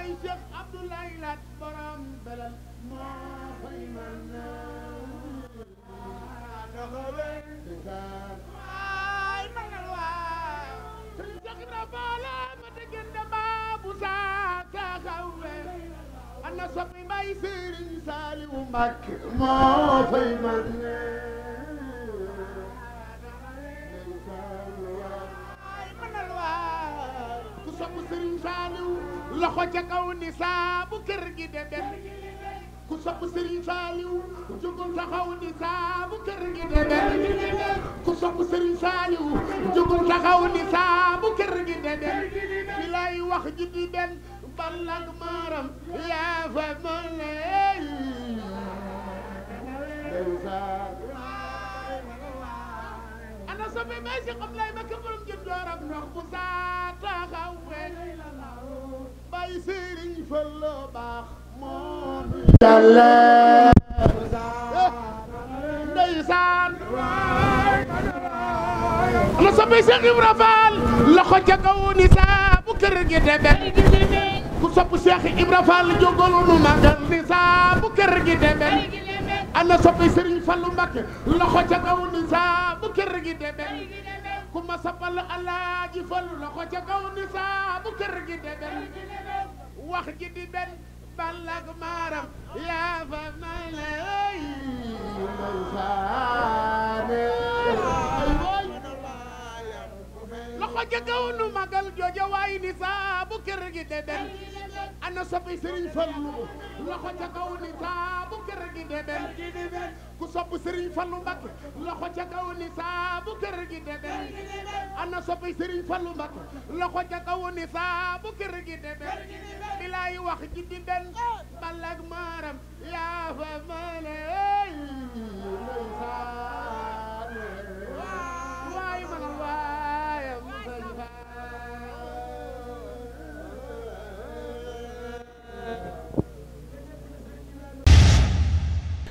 bàyyi Cheikh Abdoulaye Lat borom belal moo fay man naa doxawee waay manal waay sëñ Cheikh na baala ma dëggen dama bu saa taxawee ana soppi mbay Serigne Saliou Mbacké moo fay man loxo ca kaw ni kër gi de ku sopp Serigne Saliou jugul taxaw ni kër gi de ku sopp Serigne Saliou jugul taxaw ni kër gi de dem lay wax ji di dem ballag maaram yaa fa mën ana soppe may si xam lay ma këbaram ji dooram ndox bu saa taxawee Serigne Fallou baax moo nu yàlla ndeysaan ana soppe Cheikh Ibra Fall loxo ca kaw ni saa bu kër gi demee ku sopp Cheikh Ibra Fall jógolu nu magal ni saa bu kër gi demee ana soppe Serigne Fallou Mbacké loxo ca kaw ni saa bu kër gi demee ku ma soppal Alaaji Fallou loxo ca kaw ni saa bu kër gi demee wax ji di benn ballak maaram yaa fa ca kaw nu magal jooja waay ni saabu kër gi de dem ana soppi sëriñ Fallu loxo ca kaw ni saabu kër gi de dem ku sopp sëriñ Fallu Mbakke loxo ca kaw saabu kër gi de dem ana soppi sëriñ Fallu Mbakke loxo ca kaw saabu kër gi de dem bilaay wax ji di benn balak maaram yaa fa